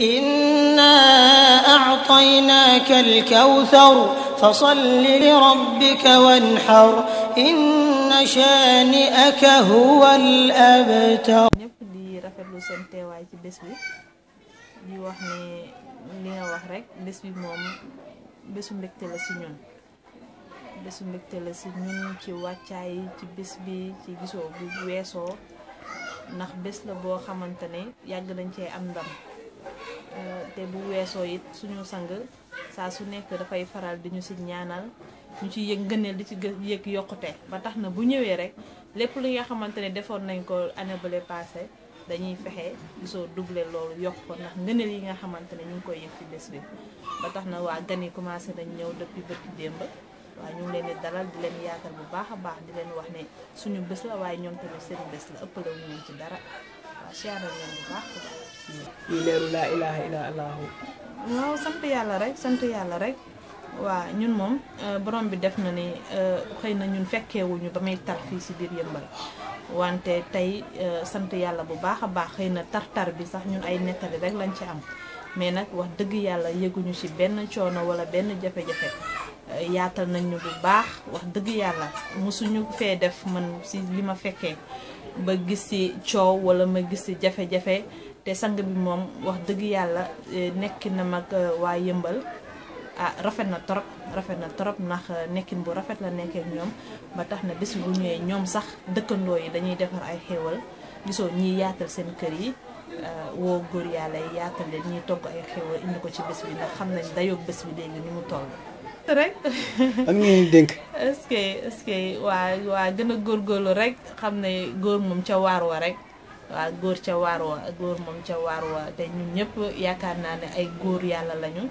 إنا أعطيناك الكوثر فصل لربك وانحر إن شانئك هو الأبتر نيب دي رافيل لو سين تي واي سي بيس بي دي لي واخ رك بيس بي موم بيسو مكتي لا سي نون بيسو مكتي لا سي نون تي واتاي تي Euh, te bu weesoo it suñu sang saa su nekk dafay faral di ñu si ñaanal ñu ci yëg ngëneel di ci yëg yokkute ba tax na bu ñëwee rek lépp li nga xamante ne defoon nañ ko année bële passé dañuy fexe gisoo doublé loolu yokk ko ndax ngëneel yi nga xamante ne ñu ngi koy yëg ci bés bi ba tax na waa gan nañ ñëw depuis bët démb waaye ñu leen di dalal di leen yaatal bu baax a baax di leen wax ne suñu bés la waaye ñoom tamit seen bés la ëppale wuñu ci dara waaw siyaare leen laa waaw sant yàlla rek sant yàlla rek waa ñun moom euh, borom bi def na ni euh, xëy na ñun fekkewuñu ba may tar fii si biir yëmbal wante tey euh, sant yàlla bu baax a baax xëy na tar-tar bi sax ñun ay nettali rek lañ ci am mais nag wax dëgg yàlla yëguñu ci benn coono wala benn jafe-jafe yaatal nañ ñu bu baax wax dëgg yàlla mosuñu fee def man si li ma fekkee ba gis ci coow wala ma gis ci jafe-jafe te sang bi moom wax dëgg yàlla eh, nekkin na mag eh, waa yëmbal ah rafet na trop rafet na trop ndax eh, nekkin bu rafet la nekkee ñoom ba tax na bés bu ñëwee ñoom sax dëkkandoo yi dañuy defar ay xéewal gisoo ñiy yaatal seen kër yi woo góor yàlla yi yaatal leen ñuy togg ay xéewal indi ko ci bés bi ndax xam nañ dayoo bés bi léegi ni mu toll rek am ngeen dénk est-ce waa waa gën a góorgóorlu rek xam ne góor moom ca waar wa rek waa góor ca waar wa góor moom ca waar wa te ñun ñëpp yaakaar naa ne ay góor yàlla lañu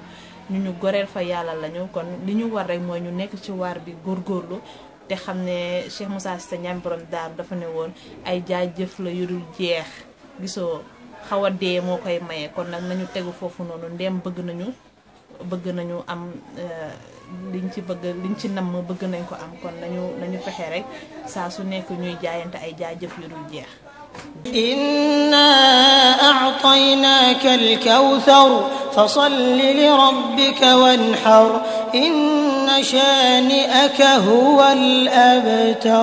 ñu ñu goreel fa yàlla lañu kon li ñu war rek mooy ñu nekk ci waar bi góor góorlu te xam ne Cheikh Moussa Cissé Ndiamé borom daaru dafa ne woon ay jëf la yu dul jeex gisoo xaw a dee moo koy maye kon nag nañu tegu foofu noonu ndem bëgg nañu bëgg nañu am eh, liñ ci bëgg liñ ci namm bëgg nañ ko am kon nañu nañu fexe rek saa su nekk ñuy jaayante ay jaajëf yu dul jeex. إنا أعطيناك الكوثر فصل لربك وانحر إن شانئك هو الأبتر